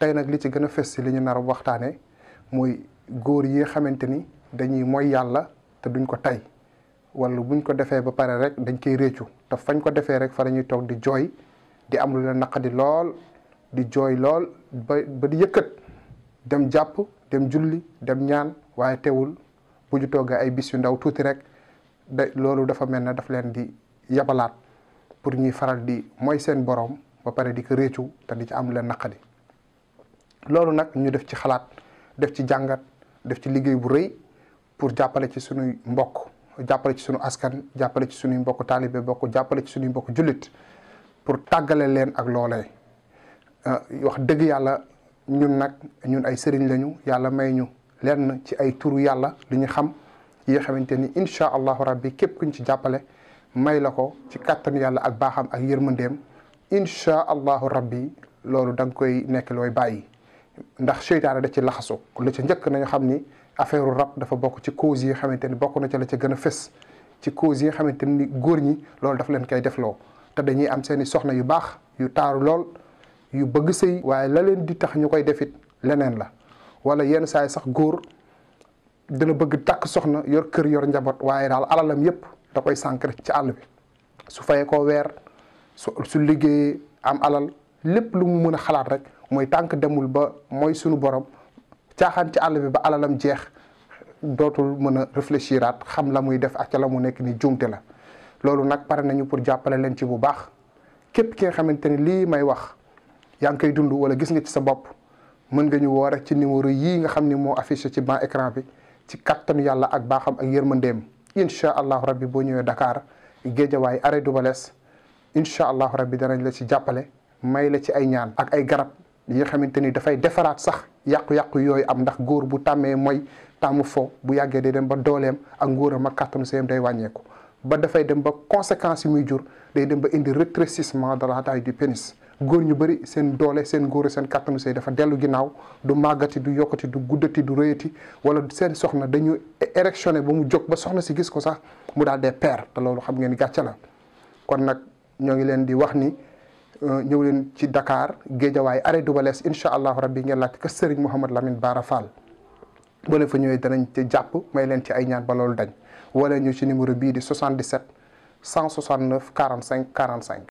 tay nak li ci gëna fess ci li ñu nar waxtane moy goor yi xamanteni dañuy moy yalla te duñ ko tay walu buñ ko défé ba pare rek dañ koy réccu te fañ ko défé rek fa lañuy tok di joy di am lu la di lol di joy lol ba di yëkkat dem japp dem julli dem ñaan waye téwul buñu togg ay bis yu ndaw tuti rek da dafa daf leen di yabalat pour ñuy faral di moy seen borom ba pare di ko réccu te di ci am lu leen loolu nag ñu def ci xalaat def ci jàngat def ci liggéey bu rëy pour jàppale ci sunuy mbokk jàppale ci sunu askan jàppale ci sunuy mbokk taalibe bokk jàppale ci sunuy mbokk jullit pour tàggale leen ak loole euh, wax dëgg yàlla ñun nag ñun ay sëriñ lañu yàlla may ñu lenn ci ay turu yàlla lu ñu xam yi nga xamante ni incha allahu rabbi képp kuñ ci jàppale may la ko ci kàttan yàlla ak baaxam ak yërmandeem incha allahu rabbi loolu da koy nekk looy bàyyi ndax seytaane da ci laxasu la ci njëkk nañu xam ni affaire u rab dafa bokk ci cause yi xamante ni bokk na ca la ca gën a fës ci cause yi xamante ni góor ñi loolu daf leen koy defloo te dañuy am seeni soxna yu baax yu taaru lool yu bëgg sëy waaye la leen di tax ñu koy defit leneen la wala yenn saay sax góor dina bëgg takk soxna yor kër yor njaboot waaye daal alalam yépp da koy sànq ci àll bi su fayee koo weer su liggéeyee am alal lépp lu mu mëna xalaat rek moy tànk demul ba moy suñu borom tiaxan ci àll bi ba alalam jeex dotul mëna réfléchirat xam la muy def ak ca la mu nekk ni jumte la lolu nak pare nañu pour jàppale len ci bu baax képp ki xamanteni li may wax yang ngi koy dund wala gis nga ci sa bop mën nga ñu wor ci numéro yi nga xamni mo affiché ci ban écran bi ci carton yàlla ak baaxam ak yermandem insha allah rabbi bo ñewé Dakar géejawaay arrêt du balees incha allahu rabbi danañ la ci jàppale may la ci ay ñaan ak ay garab yi nga xamante ni dafay defaraat sax yàqu-yàqu yooyu am ndax góor bu tàmmee mooy tàmm fo bu yàggee day dem ba dooleem ak ngóoram ak kàttanu seem day wàññeeku ba dafay dem ba conséquence yi muy jur day dem ba indi rétrécissement de la taille du pénis góor ñu bëri seen doole seen góor seen kàttanu sëy dafa dellu ginnaaw du màggati du yokkati du guddati du rëyati wala seen soxna dañu érectionné ba mu jóg ba soxna si gis ko sax mu daal dee peer te loolu xam ngeen gàcce la kon nag ñoo ngi leen di wax ni Euh, ñëw leen ci dakaar Géejawaay arrêt Double Less incha allahu rabbi ngeen laajte kër Serigne Mouhamad Lamine Bara Fall boo leen fa ñëwee danañ ci jàpp may leen ci ay ñaan ba loolu dañ wala ñu ci numéro bii di 77 169 45 45.